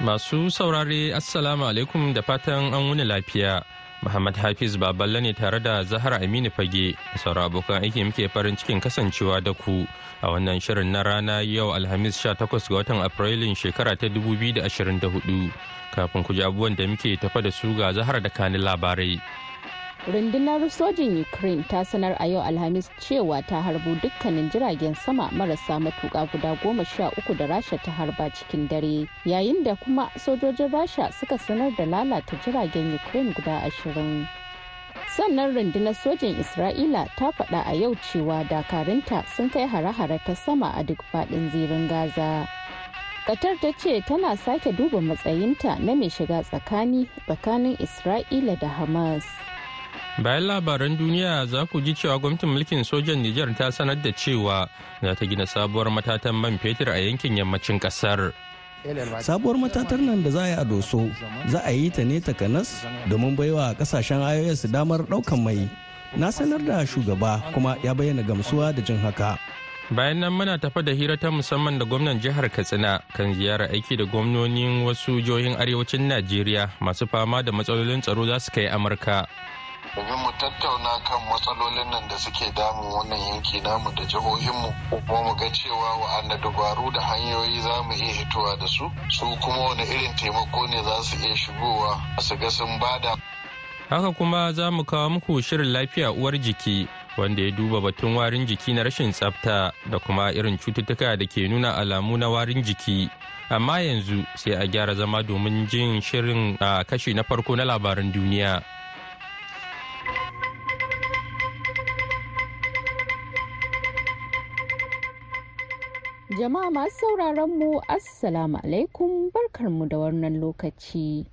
Masu saurare Assalamu alaikum da fatan an wuni lafiya. Muhammad Hafiz Baballe ne tare da Zahra Aminu Fage sauran abokan aiki muke farin cikin kasancewa da ku a wannan shirin na rana yau Alhamis 18 ga watan Afrilun shekara ta 2024 kafin ku ji abubuwan da muke tafa da su ga Zahra da kani labarai. rundunar sojin ukraine ta sanar a yau alhamis cewa ta harbo dukkanin jiragen sama marasa matuka guda goma sha uku da rasha ta harba cikin dare yayin da kuma sojojin rasha suka sanar da lalata jiragen ukraine guda ashirin sannan rundunar sojin isra'ila ta faɗa a yau cewa dakarinta sun kai hare-hare ta sama a duk faɗin zirin gaza Qatar ta ce tana sake duba matsayinta na mai shiga tsakani tsakanin Isra'ila da Hamas. bayan labaran duniya za ku ji cewa gwamnatin mulkin sojan nijar ta sanar da cewa za ta gina sabuwar matatan man fetur a yankin yammacin kasar sabuwar matatar nan da za a yi a doso za a yi ta ne takanas domin baiwa kasashen ios damar daukan mai na sanar da shugaba kuma ya bayyana gamsuwa da jin haka bayan nan muna tafa da hira ta musamman da gwamnan jihar katsina kan ziyara aiki da gwamnonin wasu jihohin arewacin najeriya masu fama da matsalolin tsaro za su kai amurka domin mu tattauna kan matsalolin nan da suke damun wannan yanki namu da jihohinmu kuma mu ga cewa wa'anda dubaru da hanyoyi za mu iya hitowa da su su kuma wani irin taimako ne za su iya shigowa su ga sun bada. Haka kuma za mu kawo muku shirin lafiya uwar jiki wanda ya duba batun warin jiki na rashin tsafta da kuma irin cututtuka da ke nuna alamu na warin jiki. Amma yanzu sai a gyara zama domin jin shirin a kashi na farko na labaran duniya. Jama'a masu sauraron mu Assalamu alaikum barkarmu da wannan lokaci.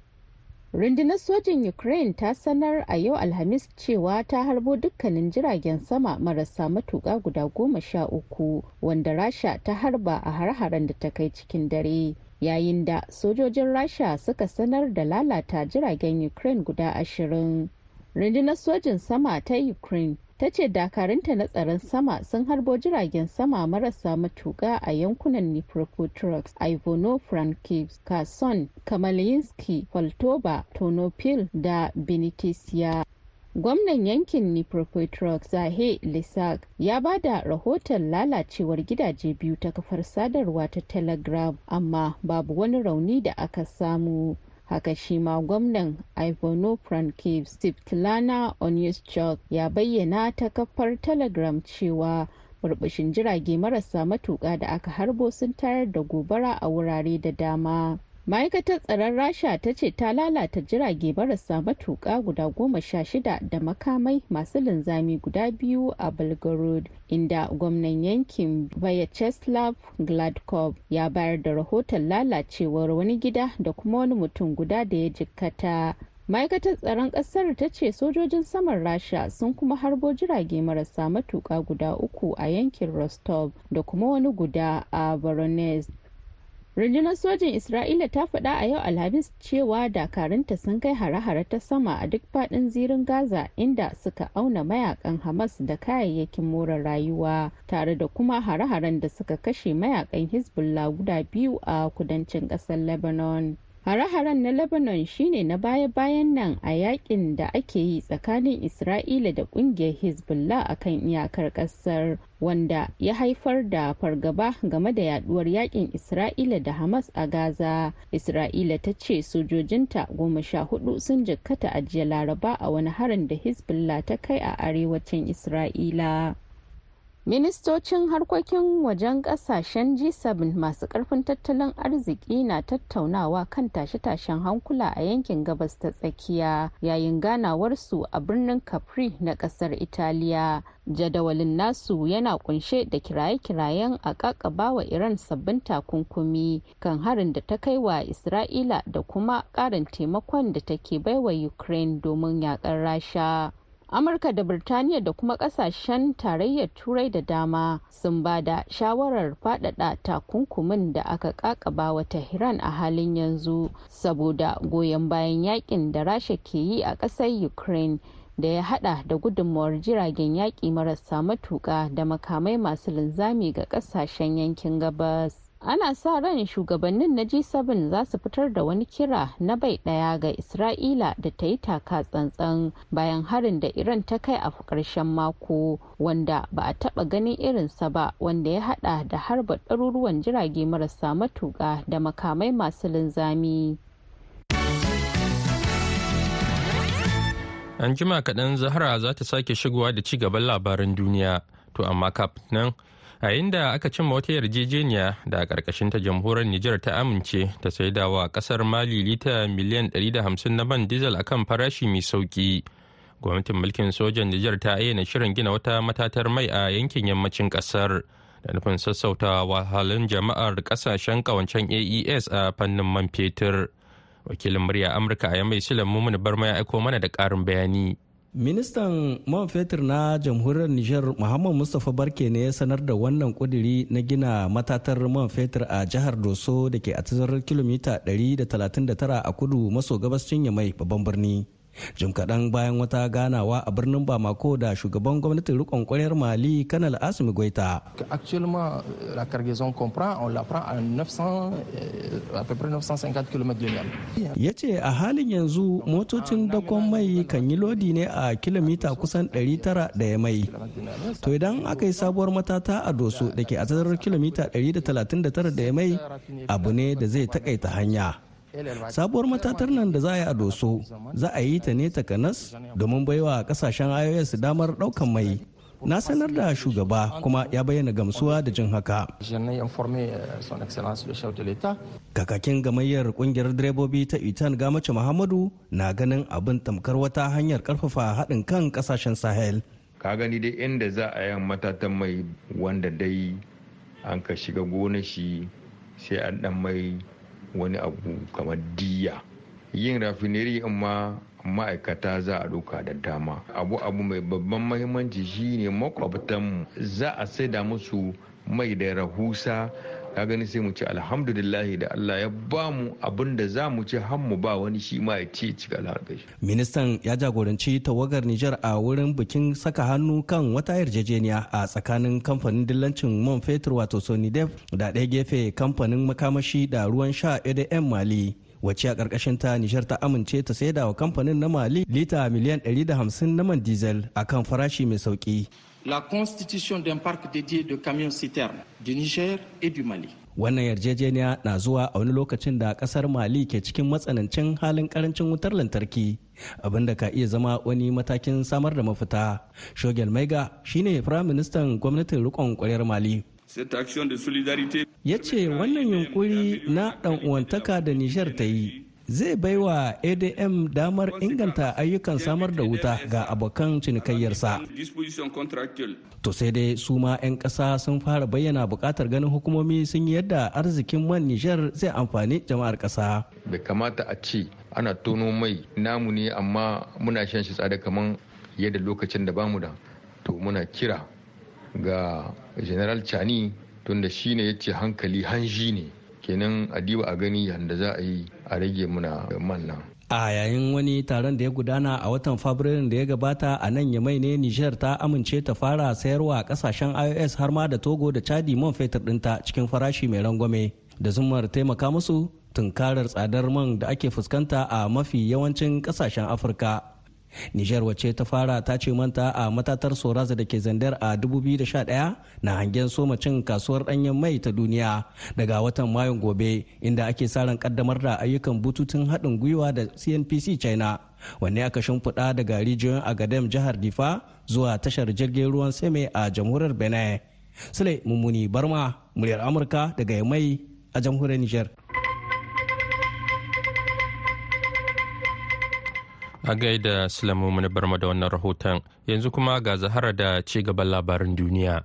Rundunar sojin Ukraine ta sanar a yau Alhamis cewa ta harbo dukkanin jiragen sama marasa matuƙa guda goma sha uku wanda Rasha ta harba a har-haren da ta kai cikin dare. Yayin da sojojin Rasha suka sanar da lalata jiragen Ukraine guda ashirin. Rundunar sojin sama ta Ukraine ta ce dakarunta na tsaron sama sun harbo jiragen sama marasa matuƙa a yankunan nipropotrox ivono frankivs kason kamalinski faltoba tonopil da benitisiya gwamnan yankin nipropotrox zahe lisak ya ba da rahoton lalacewar gidaje biyu ta kafar sadarwa ta telegram amma babu wani rauni da aka samu haka shi ma gwamnan ivanov steve onyeshchuk ya bayyana ta kafar telegram cewa burbushin jirage marasa matuka da aka harbo sun tayar da gobara a wurare da dama ma'aikatar tsaron rasha ta ce ta lalata jirage marasa matuƙa guda goma sha shida da makamai masu linzami guda biyu a belgorod inda gwamnan yankin vyacheslav gladkov ya bayar da rahoton lalacewar wani gida da kuma wani mutum guda da ya jikkata ma'aikatar tsaron kasar ta ce sojojin saman rasha sun kuma harbo jirage marasa matuƙa guda uku a yankin rostov da kuma wani guda a voronezh rundunar sojin isra'ila ta faɗa a yau alhamis cewa dakarunta sun kai hare-hare ta sama a duk faɗin zirin gaza inda suka auna mayakan hamas da kayayyakin more rayuwa tare da kuma hare-haren da suka kashe mayakan hezbollah guda biyu a kudancin ƙasar lebanon Hare-haren na Lebanon shine na baya-bayan nan a yakin da ake yi tsakanin Isra'ila da kungiyar Hezbollah a kan iyakar kasar wanda ya haifar da fargaba game da yaduwar yakin Isra'ila da Hamas a Gaza. Isra'ila ta ce sojojinta goma sha hudu sun jikkata a Laraba a wani harin da Hezbollah ta kai a arewacin Isra'ila. ministocin harkokin wajen kasashen g7 masu karfin tattalin arziki na tattaunawa kan tashe-tashen hankula a yankin gabas ta tsakiya yayin ganawar su a birnin capri na kasar italiya jadawalin nasu yana kunshe da kiraye-kirayen a kakaba wa iran sabbin takunkumi kan harin da ta kai wa isra'ila da kuma karin taimakon da take baiwa ukraine domin yakar rasha amurka da birtaniya da kuma kasashen tarayyar turai da dama sun ba da shawarar faɗaɗa takunkumin da aka kakaba wa tehran a halin yanzu saboda goyon bayan yakin da rasha ke yi a ƙasar ukraine da ya hada da gudunmawar jiragen yaƙi marasa matuƙa da makamai masu linzami ga ƙasashen yankin gabas ana sa ran shugabannin na g7 za su fitar da wani kira na bai daya ga isra'ila da ta yi taka tsantsan bayan harin da iran ta kai a ƙarshen mako wanda ba a taɓa ganin irinsa ba wanda ya hada da harba ɗaruruwan jirage marasa matuƙa da makamai masu linzami an jima kaɗan zahara za ta sake shigowa da ci gaban labaran duniya to amma kafin nan a inda aka cimma wata yarjejeniya da a karkashin ta jamhuriyar Nijar ta amince ta saida wa kasar Mali lita miliyan 150 na man diesel kan farashi mai sauki. Gwamnatin mulkin sojan Nijar ta ayyana shirin gina wata matatar mai a yankin yammacin kasar da nufin sassauta wahalun jama'ar kasashen kawancen AES a fannin man fetur. Wakilin murya Amurka a yamai Sulan Mumun Barma ya aiko mana da ƙarin bayani. Ministan man fetur na jamhuriyar niger Muhammad Mustapha Barke ne ya sanar da wannan kuduri na gina matatar man fetur a jihar Doso da ke a tazarar kilomita 139 a kudu maso cinye mai babban birni. jim kaɗan bayan wata ganawa a birnin bamako da shugaban gwamnatin rikon kwaryar mali kanal asimi goita euh, ya ce a halin yanzu motocin dakon mai kan yi lodi ne a kilomita kusan 900 da ya mai to idan aka yi sabuwar matata a doso da ke a tazarar kilomita 139 da ya mai abu ne da zai takaita hanya sabuwar matatar nan da za a yi a doso za a yi ta ne takanas domin baiwa kasashen ios damar daukan mai na sanar da shugaba kuma ya bayyana gamsuwa da jin haka euh, kakakin gamayyar kungiyar direbobi ta itan gamace muhammadu na ganin abin tamkar wata hanyar karfafa haɗin kan kasashen sahel ka gani dai inda za a yi matatan mai wanda dai an ka shiga gona shi sai an dan mai wani abu kamar diya yin rafineri in ma ma'aikata za a ɗauka da dama abu abu mai babban mahimmanci shine makwabtanmu za a saida musu mai da rahusa ka gani sai mu ce alhamdulillahi da Allah ya ba mu abin da za mu ci har mu ba wani shi ma ya ci ci alharkai ministan ya jagoranci tawagar Nijar a wurin bikin saka hannu kan wata yarjejeniya a tsakanin kamfanin dillancin man fetur wato Sonidef da ɗaya gefe kamfanin makamashi da ruwan sha EDM Mali wacce a karkashin ta Nijar ta amince ta saida wa kamfanin na Mali lita miliyan 150 na man diesel kan farashi mai sauki. la constitution d'un parc dédié de camions citernes du Niger et du Mali. Wannan yarjejeniya na zuwa a wani lokacin da kasar Mali ke cikin matsanancin halin karancin wutar lantarki abinda ka iya zama wani matakin samar da mafita. Shogel Maiga shine firaministan gwamnatin rikon kwaryar Mali. Ya ce wannan yunkuri na uwantaka da Nijar ta yi zai baiwa adm damar inganta ayyukan samar da wuta ga abokan cinikayyarsa to sai dai su ma 'yan ƙasa sun fara bayyana bukatar ganin hukumomi sun yi yadda arzikin man nijar zai amfani jama'ar ƙasa bai kamata a ce ana tono mai namu ne amma muna shan shi tsada kamar yadda lokacin da bamu da to muna kira ga general chani tunda shi ne ya ce hankali hanji ne kenan a diba a gani yadda za a yi a rage muna man nan a yayin wani taron da ya gudana a watan fabrairun da ya gabata a nan yamai ne nijar ta amince ta fara sayarwa a kasashen ios har ma da togo da chadi man fetur dinta cikin farashi mai rangwame da zumar taimaka musu tunkarar tsadar man da ake fuskanta a mafi yawancin kasashen afirka Nijar wacce ta fara ta ce manta a matatar Soraza da ke zandar a 2011 na hangen soma cin kasuwar ɗanyen mai ta duniya daga watan Mayun gobe inda ake saran kaddamar da ayyukan bututun haɗin gwiwa da CNPC China wanne aka shimfiɗa daga rijiyoyin Agadem jihar Difa zuwa tashar jirgin ruwan Seme a jamhuriyar Benin. Sule Mummuni Barma, muryar Amurka daga mai a jamhuriyar Nijar. A gaida Silamu na barma da wannan rahoton yanzu kuma ga zahara da ci gaban labarin duniya.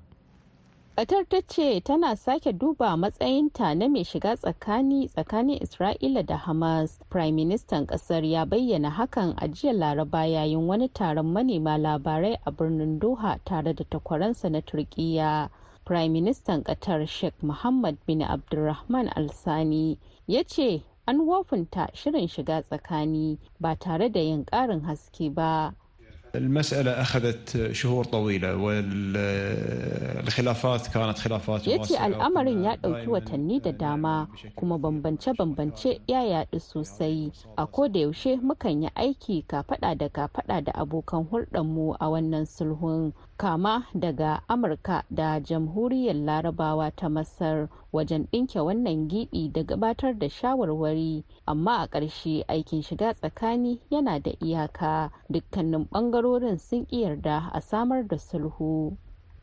Qatar ta ce tana sake duba matsayinta na mai shiga tsakani tsakanin Isra'ila da Hamas. Prime Ministan kasar ya bayyana hakan a jiya Laraba yayin wani taron manema labarai a birnin Doha tare da takwaransa na Turkiyya. Prime Ministan Qatar Sheikh Mohammed bin Abdulrahman Al-Sani ya ce an wofinta shirin shiga tsakani ba tare da yin ƙarin haske ba. المسألة أخذت al'amarin ya ɗauki watanni da dama kuma bambance-bambance ya yaɗu sosai a da yaushe mukan yi aiki kafaɗa da kafaɗa da abokan hulɗarmu a wannan sulhun kama daga amurka da jamhuriyar larabawa ta masar wajen ɗinke wannan gibi da gabatar da shawarwari amma a ƙarshe aikin shiga tsakani yana da iyaka dukkanin ɓangarorin sun yarda a samar da sulhu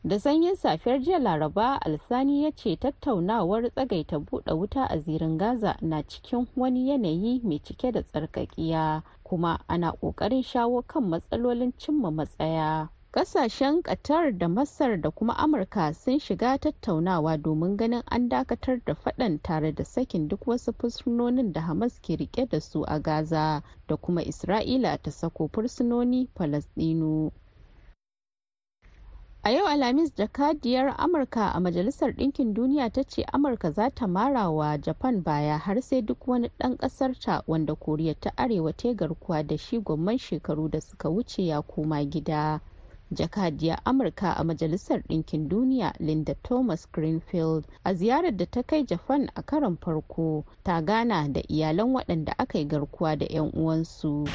da sanyin safiyar jiya laraba alsani ya ce tattaunawar tsagaita buɗe wuta a zirin gaza na cikin wani yanayi mai cike da tsarkakiya kuma ana ƙoƙarin shawo kan matsalolin cimma matsaya Kasashen Qatar da Masar da kuma Amurka sun shiga tattaunawa domin ganin an dakatar da fadan tare da sakin duk wasu fursunonin da Hamas ke rike da su a Gaza da kuma Isra'ila ta sako fursunoni Falasɗinu. A yau Alhamis jakadiyar Amurka a Majalisar Ɗinkin Duniya ta ce Amurka za ta mara wa Japan baya har sai duk wani ɗan ƙasarta wanda Koriya ta Arewa ta garkuwa da shi gwamman shekaru da suka wuce ya koma gida. jakadiyar amurka a majalisar ɗinkin duniya linda thomas greenfield a ziyarar da ta kai japan a karon farko ta gana da iyalan waɗanda aka yi garkuwa da 'yan uwansu uh,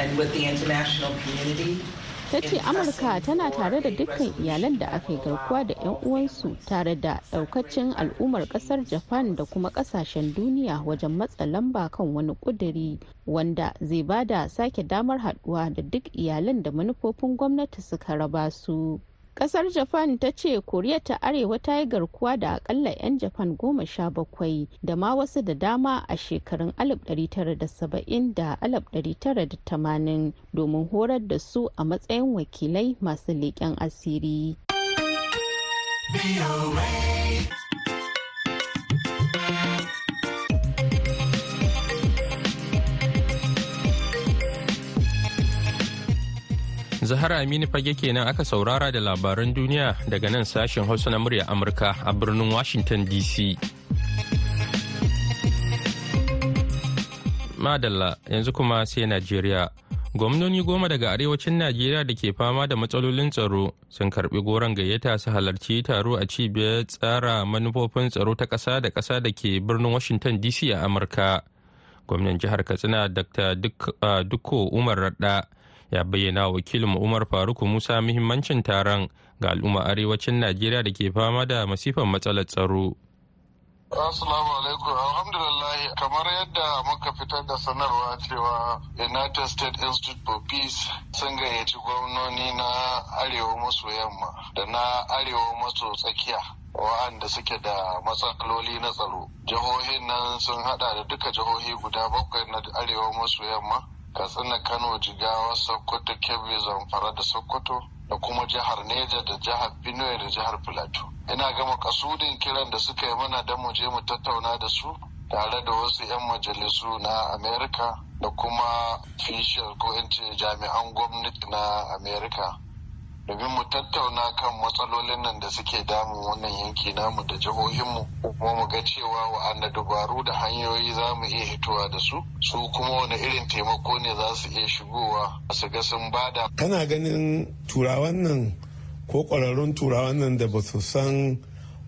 and with the international community ta ce amurka tana tare da dukkan iyalan da aka yi garkuwa da 'yan uwansu tare da daukacin al'ummar kasar japan da kuma kasashen duniya wajen matsa lamba kan wani kuduri wanda zai bada sake damar haduwa da duk iyalan da manufofin gwamnati suka raba su kasar japan ta ce koriya ta arewa ta yi garkuwa da akalla 'yan japan goma sha bakwai da ma wasu da dama a shekarun 1970 da 1980 domin horar da su a matsayin wakilai masu leƙen asiri. Zahara Aminu fage kenan aka saurara da labaran duniya daga nan sashen Hausa na murya Amurka a birnin Washington DC. Madalla yanzu kuma sai Najeriya. Gwamnoni goma daga arewacin Najeriya da ke fama da matsalolin tsaro sun karbi goron gayyata su halarci taro a cibiyar tsara manufofin tsaro ta ƙasa da ƙasa da ke birnin Washington DC a Amurka. Gwamnan jihar Katsina Dr. Ah, Dukko Umar Radda ya bayyana wakilin umar faruku musa muhimmancin taron ga al'umma arewacin najeriya da ke fama da masifan matsalar tsaro Assalamu alaikum. Alhamdulillah kamar yadda muka fitar da sanarwa cewa United States Institute for Peace sun gayyaci gwamnoni na arewa maso yamma da na arewa maso tsakiya wa'anda suke da matsaloli na tsaro. Jihohin nan sun hada da duka jihohi guda bakwai na arewa maso yamma katsina kano jigawa sokoto kebbi zamfara da sokoto da kuma jihar neja da jihar benue da jihar plateau ina gama kasudin kiran da suka yi mana don mu je mu tattauna da su tare da wasu 'yan majalisu na amerika da kuma official ko jami'an gwamnati na amerika domin mu tattauna kan matsalolin nan da suke damun wannan yanki namu da jihohinmu kuma mu ga cewa wa'anda dubaru da hanyoyi za mu iya hitowa da su su kuma wani irin taimako ne za su iya shigowa su ga sun bada. kana ganin turawan nan ko ƙwararrun turawan nan da ba su san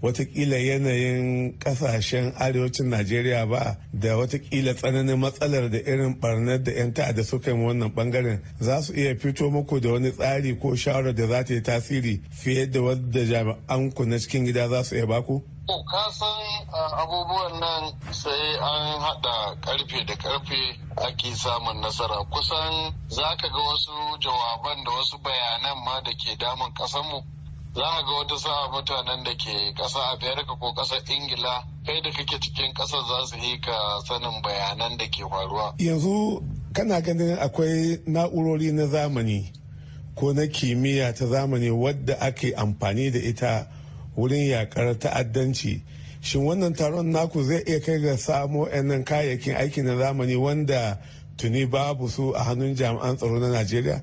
watakila yanayin kasashen arewacin najeriya ba da watakila tsananin matsalar da irin barnar da 'yan ta'adda suka yi wannan bangaren za su iya fito muku da wani tsari ko shawarar da za ta yi tasiri fiye da wadda jami'an ku na cikin gida za su iya baku ka san abubuwan nan sai an hada karfe da karfe ake samun nasara kusan za ka ga wasu jawaban da wasu bayanan ma da ke damun kasanmu za ga wata sa'a mutanen da ke ƙasa amerika ko ƙasar ingila kai da kake cikin ƙasar za su yi ka sanin bayanan da ke faruwa yanzu kana ganin akwai na'urori na zamani ko na kimiyya ta zamani wadda ake amfani da ita wurin yakar ta'addanci shin wannan taron naku zai iya kai ga samo yanan kayayyakin aiki na zamani wanda tuni babu su a hannun jami'an tsaro na najeriya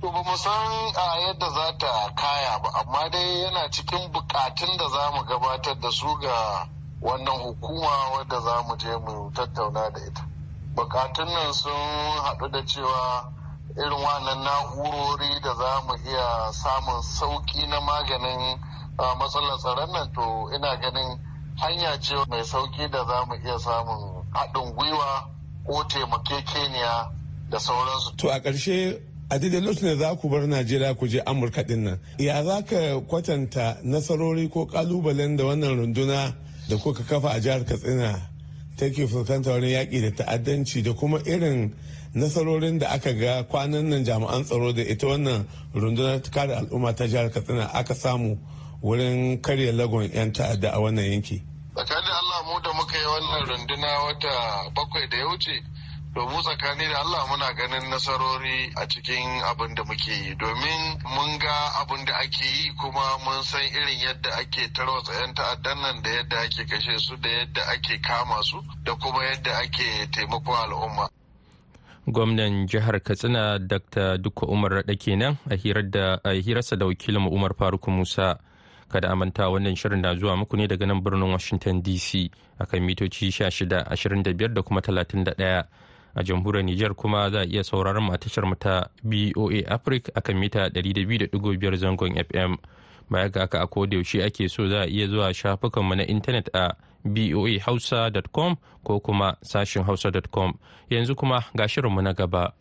To ba mu san a yadda za ta kaya ba, amma dai yana cikin bukatun da za mu gabatar da su ga wannan hukuma wadda za mu je mu tattauna da ita. Bukatun nan sun haɗu da cewa irin wannan na'urori da za mu iya samun sauƙi na maganin matsalar tsaron nan to ina ganin hanya ce mai sauƙi da za mu iya samun haɗin gwiwa ko taimakekeniya da sauransu. To a ƙarshe a daidai lokacin da za ku bar najeriya ku je amurka din nan ya za ka kwatanta nasarori ko kalubalen da wannan runduna da kuka kafa a jihar katsina take fuskanta wani yaƙi da ta'addanci da kuma irin nasarorin da aka ga kwanan nan jami'an tsaro da ita wannan rundunar kare al'umma ta jihar katsina aka samu wurin karya lagon 'yan ta'adda a wannan yanki tsakanin allah mu da muka yi wannan runduna wata bakwai da ya wuce domin mu tsakani da Allah muna ganin nasarori a cikin abin da muke yi domin mun ga abin da ake yi kuma mun san irin yadda ake tarwatsa 'yan ta'addan nan da yadda ake kashe su da yadda ake kama su da kuma yadda ake taimakon al'umma. Gwamnan jihar Katsina Dr. duka Umar Raɗa kenan a hirarsa da wakilin Umar Faruk Musa. kada amanta wannan shirin na zuwa muku ne daga nan birnin washington dc akan mitoci 16 25 da kuma 31 a jamhuriyar Nijar kuma za a iya sauraron tashar mu ta BOA Africa akan mita 200.5 zangon FM. Baya ga aka a yaushe ake so za a iya zuwa shafukanmu na intanet a boahausa.com ko kuma sashin hausa.com yanzu kuma ga shirinmu na gaba.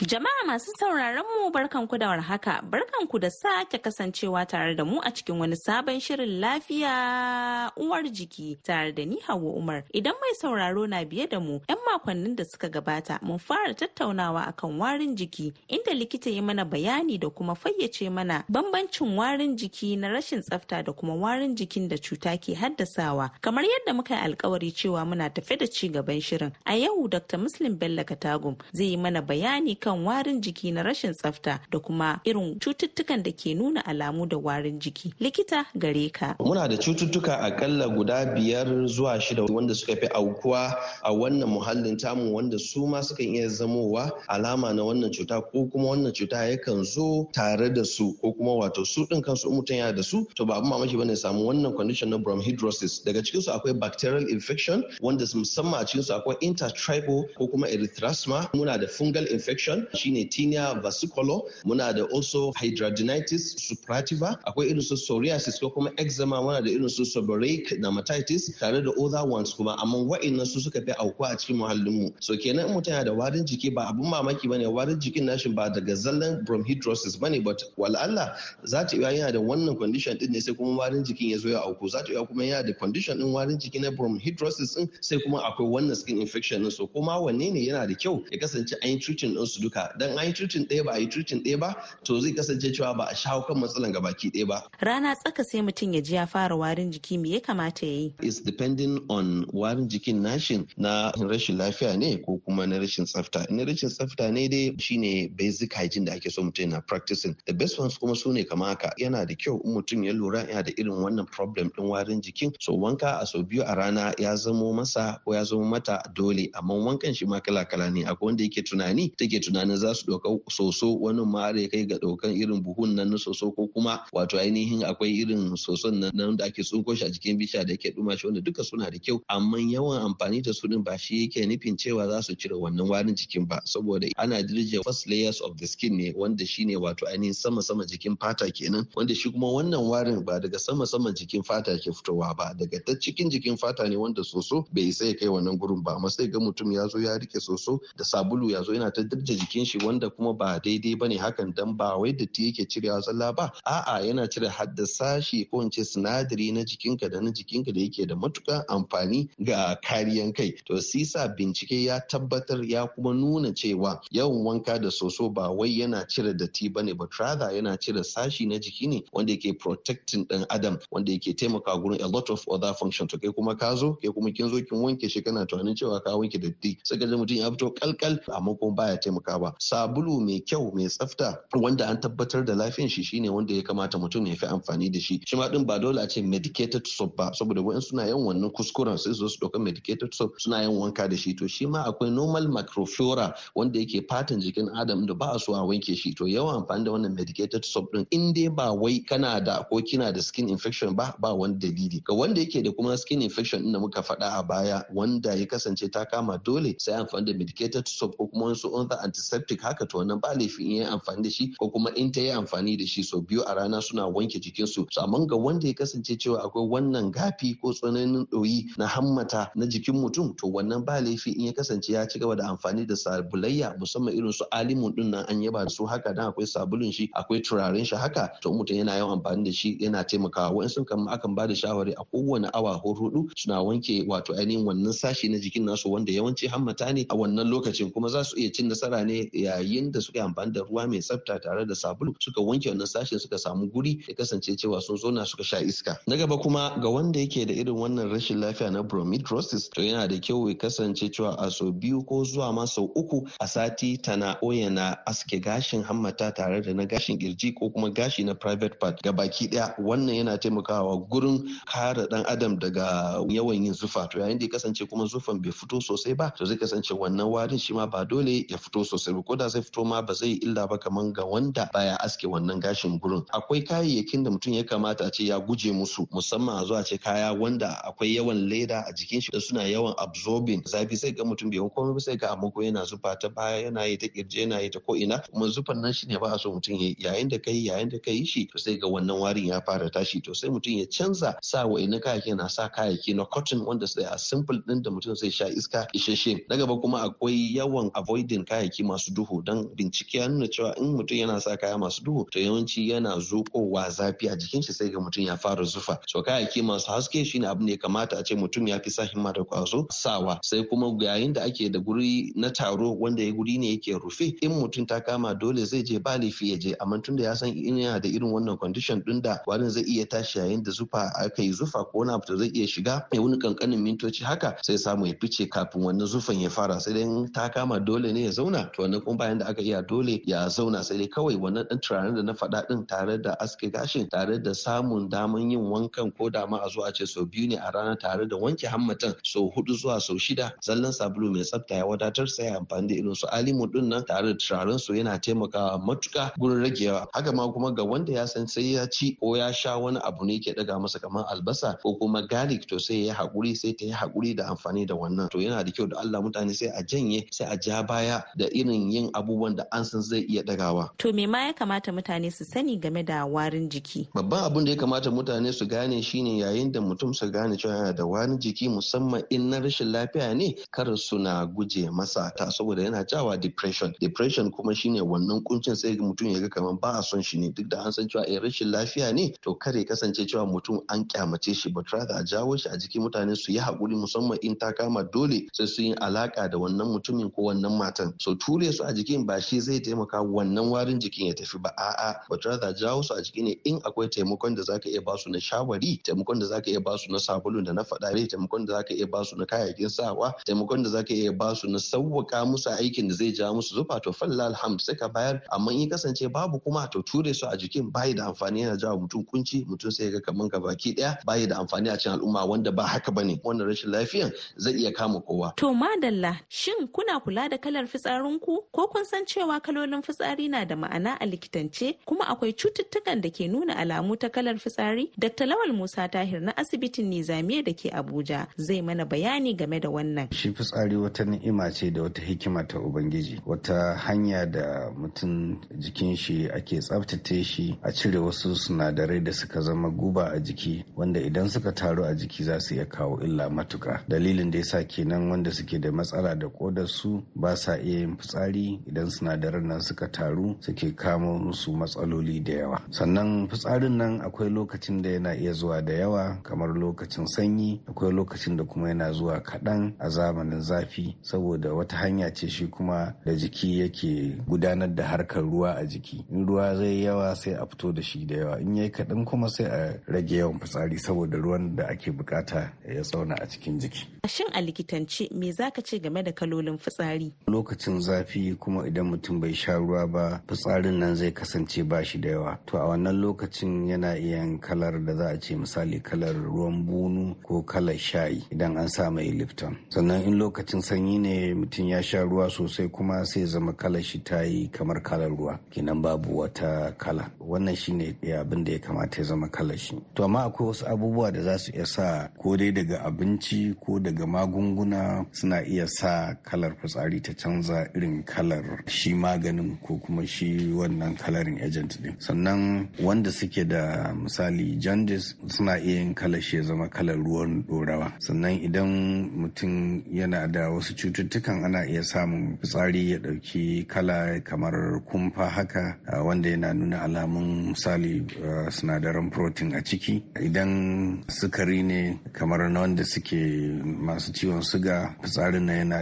Jama'a masu sauraron mu barkanku da warhaka, barkanku da sake kasancewa tare da mu a cikin wani sabon shirin lafiya uwar jiki tare da ni Hauwa Umar. Idan mai sauraro na biye da mu, 'yan makonnin da suka gabata mun fara tattaunawa akan warin jiki inda likita ya mana bayani da kuma fayyace mana bambancin warin jiki na rashin tsafta da kuma warin jikin da cuta ke haddasawa. Kamar yadda muka yi alkawari cewa muna tafe da ci gaban shirin. A yau Dr. Muslim Bello Katagum zai yi mana bayani kan warin jiki na rashin tsafta da kuma irin cututtukan da ke nuna alamu da warin jiki. Likita gare ka. Muna da cututtuka akalla guda biyar zuwa shida wanda suka fi aukuwa a wannan muhallin tamu wanda su ma sukan iya zamowa alama na wannan cuta ko kuma wannan cuta yakan zo tare da su ko kuma wato su ɗin kansu mutum yana da su to ba abin mamaki bane samu wannan condition na bronchidrosis daga cikin su akwai bacterial infection wanda musamman a cikin su akwai intertribal ko kuma erythrasma muna da fungal infection Shi shine tinia vesicolor muna da also hidradenitis suprativa. akwai irin su psoriasis ko kuma eczema muna da irin su seborrheic dermatitis tare da other ones kuma amma wa'annan su suka fi auku a cikin muhallin mu so kenan in mutum yana da warin jiki ba abun mamaki bane warin jikin nashi ba daga zallan bronchidosis bane but wal'alla za ta iya yana da wannan condition din ne sai kuma warin jikin ya zo ya auku za iya kuma yana da condition din warin jiki na bronchidosis din sai kuma akwai wannan skin infection din so kuma wanne ne yana da kyau ya kasance an yi treating din su cututtuka dan an yi cutin ɗaya ba a yi cutin ɗaya ba to zai kasance cewa ba a shawo kan matsalan gabaki ɗaya ba rana tsaka sai mutum ya ji ya fara warin jiki me ya kamata ya yi is depending on warin jikin nashin na rashin lafiya ne ko kuma na rashin tsafta na rashin tsafta ne dai shine basic hygiene da ake so mutum yana practicing the best ones kuma su ne kama haka yana da kyau in mutum ya lura yana da irin wannan problem din warin jikin so wanka a sau biyu a rana ya zamo masa ko ya zamo mata dole amma wankan shi ma kala kala ne akwai wanda yake tunani take tunani tunanin za su ɗauka soso wani ma har ya kai ga ɗaukan irin buhun nan na soso ko kuma wato ainihin akwai irin soson nan da ake tsunko shi a jikin bishiya da yake duma shi wanda duka suna da kyau amma yawan amfani da su din ba shi yake nufin cewa za su cire wannan warin jikin ba saboda ana dirje first layers of the skin ne wanda shine wato ainihin sama sama jikin fata kenan wanda shi kuma wannan warin ba daga sama sama jikin fata ke fitowa ba daga ta cikin jikin fata ne wanda soso bai isa ya kai wannan gurin ba amma sai ga mutum ya zo ya rike soso da sabulu ya zo yana ta dirje jikin shi wanda kuma ba daidai bane hakan dan ba wai datti yake cirewa tsalla ba a'a yana cire haddasa shi ko in ce sinadari na jikinka da na jikinka da yake da matuka amfani ga kariyan kai to sisa bincike ya tabbatar ya kuma nuna cewa yawan wanka da soso ba wai yana cire datti bane but rather yana cire sashi na jiki ne wanda yake protecting dan adam wanda yake taimaka gurin a lot of other function to kai kuma ka kai kuma kin zo kin wanke shi kana tunanin cewa ka wanke datti sai ga mutum ya fito kalkal amma kuma baya taimaka ba sabulu mai kyau mai tsafta wanda an tabbatar da lafiyan shi shine wanda ya kamata mutum ya fi amfani da shi Shima ma din ba dole a ce medicated soap ba saboda wa'in suna yin wannan kuskuren sai su dauka medicated soap suna yin wanka da shi to shi ma akwai normal microflora wanda yake fatan jikin adam da ba a so a wanke shi to yawan amfani da wannan medicated soap din in dai ba wai kana da ko kina da skin infection ba ba wani dalili ga wanda yake da kuma skin infection din da muka faɗa a baya wanda ya kasance ta kama dole sai amfani da medicated soap ko kuma wasu other Septic haka to wannan ba laifin in yi amfani da shi ko kuma in ta yi amfani da shi sau biyu a rana suna wanke jikinsu su amma ga wanda ya kasance cewa akwai wannan gafi ko tsananin ɗoyi na hammata na jikin mutum to wannan ba laifi in ya kasance ya ci da amfani da sabulayya musamman irin su alimun din nan an yaba su haka dan akwai sabulun shi akwai turaren shi haka to mutum yana yawan amfani da shi yana taimakawa sun kan akan ba da shawari a kowane awa hudu suna wanke wato ainihin wannan sashi na jikin nasu wanda yawanci hammata ne a wannan lokacin kuma za su iya cin nasara ne yayin da suka yi amfani da ruwa mai tsafta tare da sabulu suka wanke wannan sashen suka samu guri ya kasance cewa sun zo suka sha iska na gaba kuma ga wanda yake da irin wannan rashin lafiya na bromidrosis to yana da kyau ya kasance cewa a sau biyu ko zuwa ma sau uku a sati tana na aske gashin hammata tare da na gashin kirji ko kuma gashi na private part ga baki daya wannan yana taimakawa gurin kare dan adam daga yawan yin zufa to yayin da ya kasance kuma zufan bai fito sosai ba to zai kasance wannan warin shi ma ba dole ya fito sosai sosai ko da zai fito ma ba zai illa ba kaman ga wanda baya aske wannan gashin gurin akwai kayayyakin da mutum ya kamata a ce ya guje musu musamman a zuwa ce kaya wanda akwai yawan leda a jikin shi da suna yawan absorbing zafi sai ga mutum bai komai ba sai ga ko yana zufa ta baya yana yi ta kirje yana yi ta ko ina kuma zufan nan shine ba a so mutum ya yayin da kai yayin da kai shi to sai ga wannan warin ya fara tashi to sai mutum ya canza sa wa'ina kayayyakin na sa kayayyaki na cotton wanda sai a simple din da mutum zai sha iska isasshe na gaba kuma akwai yawan avoiding kayayyaki masu duhu don bincike ya nuna cewa in mutum yana sa kaya masu duhu to yawanci yana zokowa zafi a jikin shi sai ga mutum ya fara zufa to kayayyaki masu haske shine abin da ya kamata a ce mutum ya fi sa himma da kwazo sawa sai kuma yayin da ake da guri na taro wanda ya guri ne yake rufe in mutum ta kama dole zai je ba laifi ya je amma tunda ya san in yana da irin wannan condition din da warin zai iya tashi yayin da zufa aka yi zufa ko wani abu zai iya shiga ya wani kankanin mintoci haka sai samu ya fice kafin wannan zufan ya fara sai dai ta kama dole ne ya zauna to wannan kuma bayan da aka iya dole ya zauna sai dai kawai wannan dan turaren da na faɗa din tare da aske gashin tare da samun daman yin wankan ko da ma a zo ce sau biyu ne a rana tare da wanke hammatan sau hudu zuwa sau shida zallan sabulu mai tsafta ya wadatar sai ya amfani da irin su alimu din nan tare da turaren su yana taimakawa matuka gurin ragewa haka ma kuma ga wanda ya san sai ya ci ko ya sha wani abu ne ke daga masa kamar albasa ko kuma garlic to sai ya haƙuri sai ta yi haƙuri da amfani da wannan to yana da kyau da Allah mutane sai a janye sai a ja baya da irin dainin yin abubuwan da an san zai iya dagawa. To me ma ya kamata mutane su sani game da warin jiki? Babban abin da ya kamata mutane su gane shine yayin da mutum su gane cewa yana da warin jiki musamman in na rashin lafiya ne kar su na guje masa ta saboda yana jawa depression. Depression kuma shine wannan kuncin sai mutum ya ga kamar ba a son shi ne duk da an san cewa in eh, rashin lafiya ne to kar ya kasance cewa mutum an kyamace shi ba tura a jawo shi a jikin mutane su yi haƙuri musamman in ta kama dole sai su yi alaka da wannan mutumin ko wannan matan. So ture su a jikin ba shi zai taimaka wannan warin jikin ya tafi ba a'a but rather jawo su a jiki ne in akwai taimakon da zaka iya basu na shawari taimakon da zaka iya basu na sabulu da na fada ne taimakon da zaka iya basu na kayayyakin sawa taimakon da zaka iya basu na sauwaka musu aikin da zai ja musu zufa to falla alhamd sai ka bayar amma in kasance babu kuma to ture su a jikin bayi da amfani yana jawo mutum kunci mutum sai ga kaman ka baki daya bayi da amfani a cikin al'umma wanda ba haka bane wannan rashin lafiyan zai iya kama kowa to madalla shin kuna kula da kalar fitsarinku ku ko kun san cewa kalolin fitsari na da ma'ana a likitance kuma akwai cututtukan da ke nuna alamu ta kalar fitsari? Dr. Lawal Musa Tahir na asibitin Nizamiya da ke Abuja zai mana bayani game da wannan. Shi fitsari wata ni'ima ce da wata hikima ta Ubangiji, wata hanya da mutum jikin shi ake tsaftace shi a cire wasu sinadarai da suka zama guba a jiki wanda idan suka taru a jiki za su iya kawo illa matuka. Dalilin da ya sa kenan wanda suke da matsala da kodar su ba sa iya yin fitsari fitsari idan sinadaran nan suka taru suke kamo musu matsaloli da yawa sannan fitsarin nan akwai lokacin da yana iya zuwa da yawa kamar lokacin sanyi akwai lokacin da kuma yana zuwa kaɗan a zamanin zafi saboda wata hanya ce shi kuma da jiki yake gudanar da harkar ruwa a jiki in ruwa zai yawa sai a fito da shi da yawa in yayi kaɗan kuma sai a rage yawan fitsari saboda ruwan da ake bukata ya tsauna a cikin jiki shin a likitance me zaka ce game da kalolin fitsari lokacin zafi zafi kuma idan mutum bai sha ruwa ba fitsarin nan zai kasance ba shi da yawa to a wannan lokacin yana iya kalar da za a ce misali kalar ruwan bunu ko kalar shayi idan an sa mai lifton sannan in lokacin sanyi ne mutum ya sha ruwa sosai kuma sai zama kalar shi ta yi kamar kalar ruwa kenan babu wata kala wannan shine abin da ya kamata ya zama kalar shi to amma akwai wasu abubuwa da za su iya sa ko dai daga abinci ko daga magunguna suna iya sa kalar fitsari ta canza irin kalar shi maganin ko kuma shi wannan kalarin agent din sannan wanda suke da misali jaundice suna iya yin kalar shi ya zama kalar ruwan dorawa sannan idan mutum yana da wasu cututtukan ana iya samun fitsari ya ɗauki kala kamar kumfa haka wanda yana nuna alamun misali sinadaran protein a ciki idan sukari ne kamar na wanda suke masu ciwon suga fitsarin na yana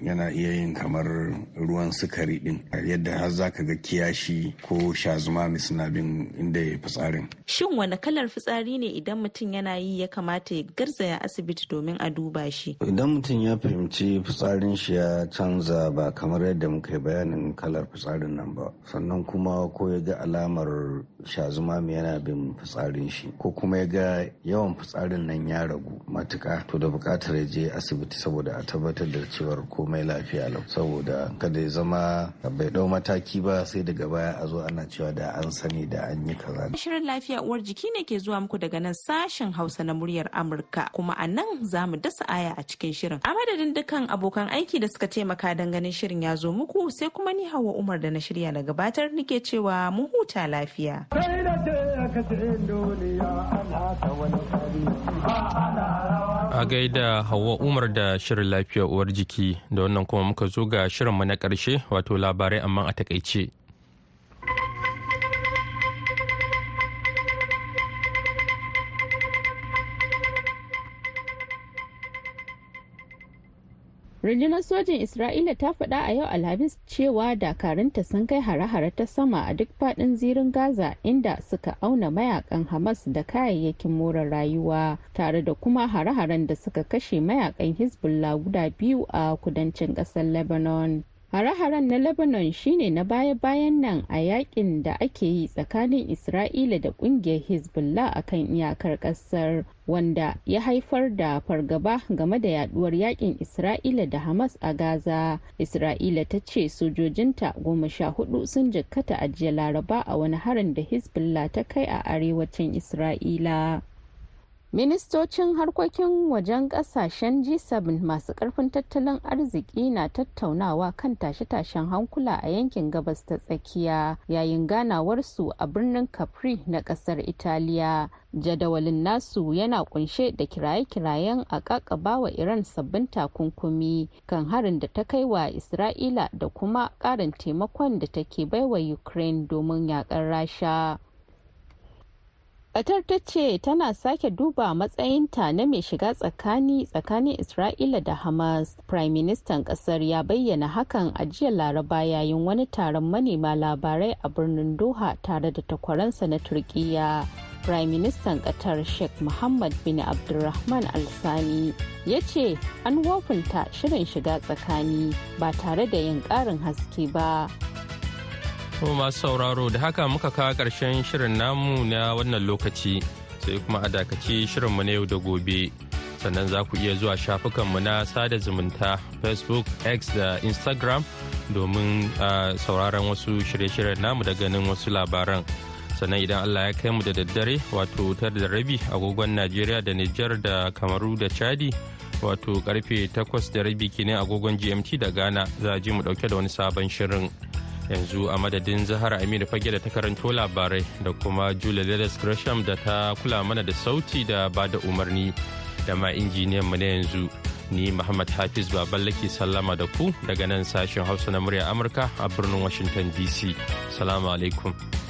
yana iya yin kamar ruwan sukari din yadda har za ka ga kiyashi ko shazuma suna bin inda ya fitsarin. Shin wani kalar fitsari ne idan mutum yana yi ya kamata ya garzaya asibiti domin a duba shi? Idan mutum ya fahimci fitsarin shi ya canza ba kamar yadda muka yi bayanin kalar fitsarin nan ba. Sannan kuma ko ya ga alamar shazuma yana bin fitsarin shi ko kuma ya ga yawan fitsarin nan ya ragu matuka to da buƙatar ya je asibiti saboda a tabbatar da cewar komai lafiya lau saboda kada ya zama bai dau mataki ba sai daga baya a zo ana cewa da an sani da an yi kaza shirin lafiya uwar jiki ne ke zuwa muku daga nan sashen hausa na muryar amurka kuma a nan za mu dasa aya a cikin shirin a madadin dukkan abokan aiki da suka taimaka don ganin shirin ya zo muku sai kuma ni hawa umar da na shirya na gabatar nike cewa mu huta lafiya A gaida hawa Umar da Shirin Lafiya Uwar Jiki da wannan kuma muka zo ga shirinmu na karshe wato labarai amma a takaice. rundunar sojin isra'ila ta faɗa a yau alhamis cewa dakarunta sun kai hare-hare ta sama a duk faɗin zirin gaza inda suka auna mayakan hamas da kayayyakin more rayuwa tare da kuma hare-haren da suka kashe mayakan hezbollah guda biyu a kudancin ƙasar lebanon Hare-haren na Lebanon shine na baya-bayan nan a yakin da ake yi tsakanin Isra'ila da kungiyar Hezbollah a kan iyakar kasar wanda ya haifar da fargaba game da yaduwar yakin Isra'ila da Hamas a Gaza. Isra'ila ta ce sojojinta goma sha hudu sun jikkata a Laraba a wani harin da Hezbollah ta kai a arewacin Isra'ila. ministocin harkokin wajen kasashen g7 masu karfin tattalin arziki na tattaunawa kan tashe-tashen hankula a yankin gabas ta tsakiya yayin ganawar su a birnin capri na kasar italiya jadawalin nasu yana kunshe da kiraye-kirayen a kakaba iran sabbin takunkumi kan harin da ta kai wa isra'ila da kuma karin taimakon da take baiwa ukraine domin yakar rasha Qatar ta ce tana sake duba matsayinta na mai shiga tsakani tsakanin Isra'ila da Hamas. Prime Ministan kasar ya bayyana hakan a jiya Laraba yayin wani taron manema labarai a birnin Doha tare da takwaransa na Turkiyya. Prime Ministan Qatar Sheikh Mohammed bin Abdulrahman Al Sani ya ce an wofinta shirin shiga tsakani ba tare da yin ƙarin haske ba. To masu sauraro da haka muka kawo ƙarshen shirin namu na wannan lokaci sai kuma a dakaci shirinmu na yau da gobe. Sannan za ku iya zuwa shafukanmu na sada zumunta Facebook, X da Instagram domin sauraron wasu shirye-shiryen namu da ganin wasu labaran. Sannan idan Allah ya kai mu da daddare wato ta da rabi agogon Najeriya da Nijar da Kamaru da Chadi wato karfe takwas da rabi kenan agogon GMT da Ghana za a ji mu dauke da wani sabon shirin. yanzu a madadin zahara aminu fage da ta karanto labarai da kuma julia ledes gresham da ta kula mana da sauti da ba da umarni da ma injiniyan mu na yanzu ni muhammad hafiz baballake sallama da ku daga nan sashen hausa na murya amurka a birnin washington dc salamu alaikum